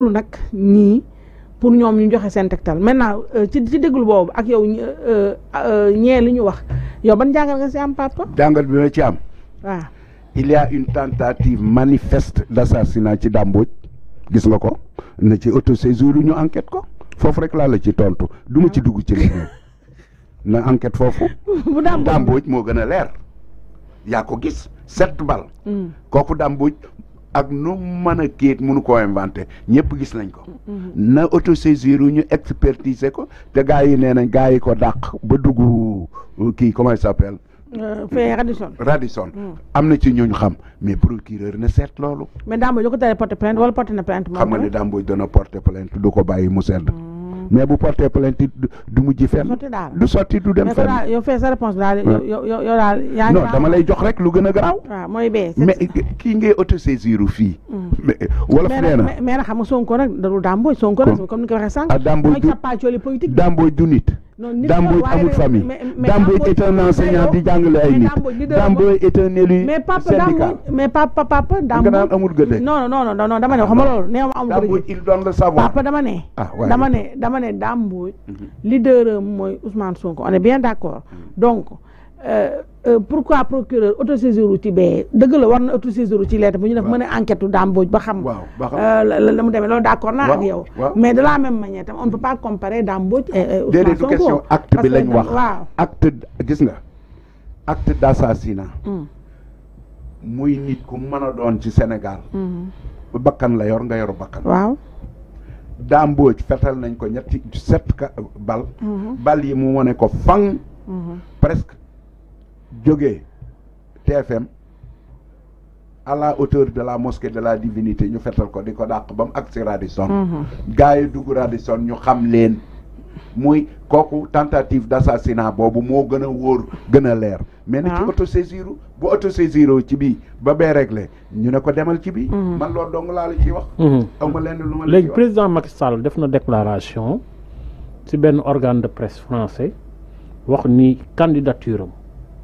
loolu nag nii pour ñoom ñu joxe seen tegtal maintenant euh, ci ci déglu boobu ak yow euh, euh, ñee li ñu wax yow ban jàngat nga ci am papa. jàngat bi ma ci am. waaw il y a une tentative manifeste d'assassinat ci Damboj gis nga ko na ci auto-saisir ñu enquête ko foofu rek laa la ci tontu duma ci dugg ci leneen na enquête foofu. bu Damboj moo gën a leer yaa ko gis sept bal mm. kooku Damboj ak nu mën a kii mënu koo inventé ñëpp gis nañ ko. Mm-hmm. na autosaisir ñu expertiser ko te gars yi nee nañ gars yi ko dàq ba dugg euh, kii comment il s'appelle. Euh, fee Radisson. Radisson mm. am na ci ñooñu xam mais procureur na seet loolu. mais Dame Mbodj ko teree porté plainte wala porté na plainte. moom xam nga ne Dame Mbodj dana porté du ko bàyyi mu sedd. Mm. mais bu porté plainte du mujj fenn. du sotti du dem fenn. yow fee sa réponse daal yow daal yaa dama lay jox rek lu gën a garaaw. waaw ah, mooy bee. mais kii ngay autosaisir fii. Hmm. Eh, wala fu nee na mais mais nag xam Sonko nag da dul Dame Mbodj Sonko nag comme ni ko waxee sànq. ah du nit. Damboy famille est un enseignant de est un élu mais papa papa Damboy papa, papa, non non non non dama il doit le savoir papa dama papa, ah, dama papa, mhm. leader papa, Ousmane Sonko on est bien d'accord mhm. donc Euh, euh, pourquoi procureur autosaisir ci bee dëgg la war na autosaisir ci lettre bu ñu def mën a enquête Dame Mbodj ba xam euh, la mu demee loolu d'accord naa ak yow mais de la même manière tam on ne peut pas comparer Dame Mbodj déedéet du question acte bi lañ wax waaw acte gis nga acte d'assassinat hmm. muy nit ku mën a doon ci Sénégal hmm. bakkan la yor nga yoru bakkan waaw Dame Mbodj fetal nañ ko ñetti sept bal hmm. bal yi mu wane ko fang presque jógee TFM à la hauteur de la mosquée de la divinité ñu fétal ko diko ko bam ba mu ak si Radisson du mhm. yi dugg Radisson ñu xam leen muy koku tentative d'assassinat bobu mo gëna woor gëna leer mais ni ci ah. saisir bu autosaisir ci bi ba bee réglé ñu ne ko demal ci bi mhm. man lo dong la la ci wax mhm. awma leen lu ma la président Macky Sall def na déclaration ci ben organe de presse français wax ni candidature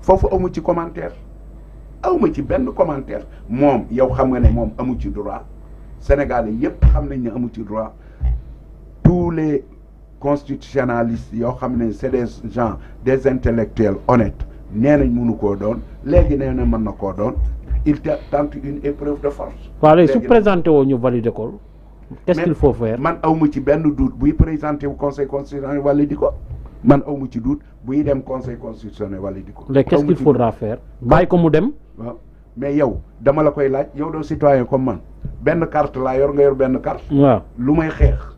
fofu amu ci commentaire awma ci benn commentaire moom yow xam nga ne moom amu ci droit sénégalais yépp xam nañ ne amu ci droit tous les constitutionnalistes yoo xam ne c'est des gens des intellectuels honnêtes nee nañ mënu koo doon léegi nee na mën na koo doon il tente une épreuve de force. waaw léegi su présenté woo ñu valider ko. qu'est-ce qu'il faut faire man awma ci benn doute buy présenté wu conseil constitutionnel valide ko. man aw ma ci bu buy dem conseil constitutionnel walla di ko. mais qu'est-ce qu'il faudra bàyyi ko mu dem. mais yow dama la koy laaj yow doo citoyen comme man benn carte laa yor nga yor benn carte. waaw lu may xeex.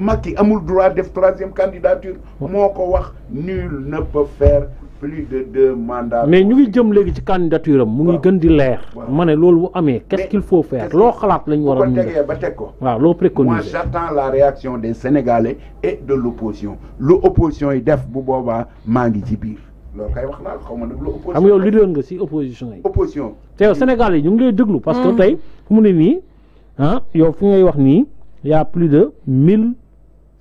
Macky amul droit def troisième candidature Moko wax nul ne peut faire plus de deux mandats. mais ñu ngi jëm léegi ci candidature mu ngi gën di leer. Mané ne loolu bu amee. qu'est-ce qu'il faut faire Lo xalat lañ wara a. ko ba teg ko. waaw lo préconise. moi j'attends la réaction des sénégalais et de l'opposition L'opposition opposition yi def bu boba ma ngi ci bir. Lo kay wax na xawma ma nag lu opposition xam yow leader nga si opposition yi. opposition te yow Sénégal yi ñu ngi lay déglu. parce que mm. tay fu mu ni nii ah yow fu ngay wax ni Il y a plus de 1000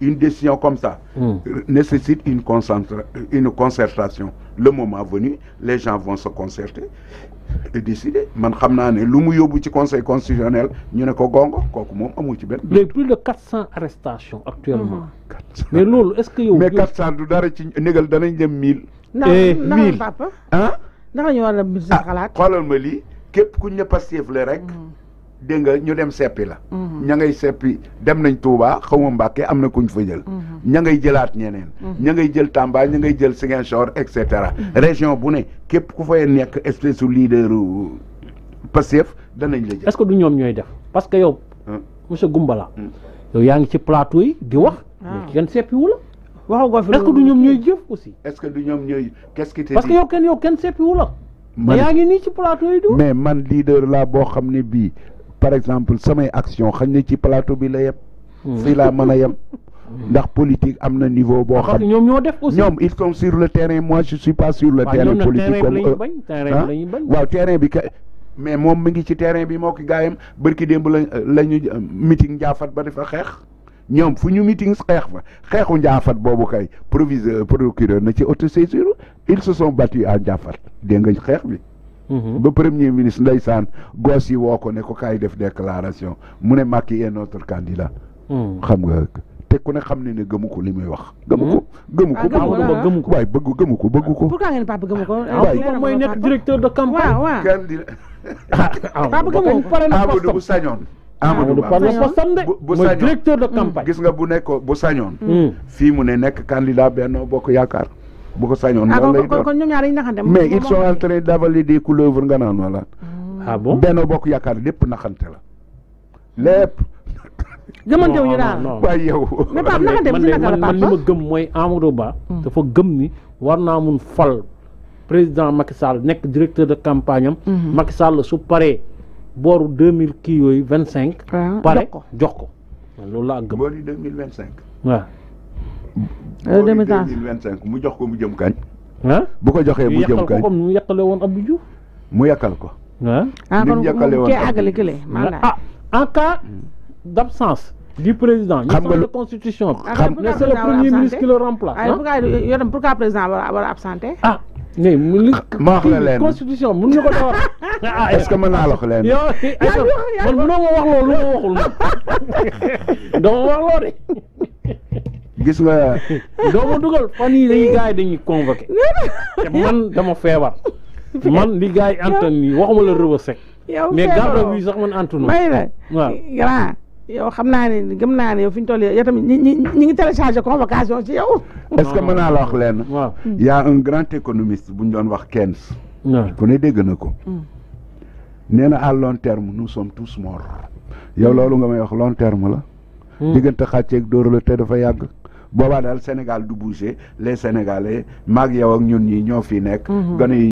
une décision comme ça hmm. nécessite une, une concertation. Le moment venu, les gens vont se concerter et décider. Man xam naa au bout du conseil constitutionnel ñu ne ko gongo ci plus de 400 arrestations actuellement. Uh-huh. mais loolu est-ce que yow. mais 400 du dara ci négal danañ dem 1000. et 1000 pas papa. ah. ndax ñu à a ah, xalaat. xoolal ma lii képp ku ñu ne les règles? rek. Hmm. dégg nga ñu dem seppi la. Mhm. ña ngay seppi dem nañ Touba xaw ma Mbàkke am na kuñ fa jël. Mhm. ña ngay jëlaat ñeneen. Mhm. ña ngay jël Tamba ña ngay jël Ziguinchor et cetera. région bu ne képp ku fay nekk espèce su leader Pastef danañ la jël. est-ce du ñoom ñooy def parce que yow. monsieur Goumbala. Hmm. yow yaa ngi ci plateau yi di wax. Ah. mais kenn seppiwu la. waxu ko fi jëf aussi. est-ce que du ñoom ñooy qu'est-ce que kenn yow kenn seppiwu la. man yaa ngi nii ci plateau yi du. mais man leader laa boo xam ne bii. par exemple samay action xagné ci plateau bi la yem hmm. fii laa mën a hmm. ndax politique amna niveau bo xam ñom ñoo def aussi ñom ils sont sur le terrain moi je suis pas sur le terrain politique comme eux hein? waaw terrain bi mais mom mi ngi ci terrain bi moko gayam barki demb lañu euh, meeting njaafat ba dafa xex ñom fuñu ñu meeting xeex fa xexu njaafat bobu kay proviseur procureur na ci autosaisir ils se sont battus à njaafat de nga xex bi Le mm-hmm. premier ministre Ndaysan gossi yi ko ne ko kay def déclaration mune maki Macky est notre candidat mm. xam nga té ku ne xam ne ne gëmu ko wax gëmuko gëmuko gëmuko way gëmu ko waaye mm. bëgg gëmu ah, bëgg ko pourquoi ngeen papa gëmuko way ah, moy nek directeur de campagne candidat waaw candidat ah, papa gëmu ko Amadou bu sañoon Amadou Ba bu moy directeur de mm. campagne gis nga bu nek bu sañon fi mu ne nek candidat Benno Bokk Yaakaar bu ko sañoon loolu lay doon mais ils sont en train d'avaler des couleuvres nga naan wala ah bon benn bok yakar lepp naxante la lepp gëmante ñu dal ba yow hmm. mais pap naxante mu naka la man li ma gëm mooy Amadou Ba dafa gëm ni warna mu fal président Macky Sall nek directeur de campagne am hmm. Macky Sall su paré boru 2000 kii 25 ah, pare jox ko lolu la gëm boru 2025 wa 2025 mu jox ko mu jëm kañ. bu ko joxee mu jëm kañ mu yàqale woon Abdou Diouf. mu yàqal ko. ah kon kee àggale kële ah en cas d' absence. président ñu xam ne constitution bi. xam ne c' est le premier ministre qui le remplace. ah pourquoi président war a absenté. ah ma wax la leen constitution mun nga ko door. est ce que mën naa la wax leen. yow ay man mënoo ma wax loolu lu ma waxul. dama wax loolu de. gis nga doomu dugal fan yi dañuy gars yi dañuy convoqué te man dama feebar man li gars yi antan nii waxuma la rëba sec mais garde bi sax man antunu may la waaw grand yow xam naa ne gëm naa ne yow fi ñu toll yow tamit ñi ñi ñi ngi téléchargé convocation ci yow est-ce que mën naa la wax lenn waaw hmm. y a un grand économiste bu ñu doon wax Kens. ku ne dégg na ko hmm. nee na à long terme nous sommes tous morts yow loolu nga may wax long terme la hmm. diggante xàcceeg dóor la te dafa yàgg boobaa daal Sénégal du bouger les Sénégalais mag yow ak ñun ñi ñoo fi nekk mhm. gone yi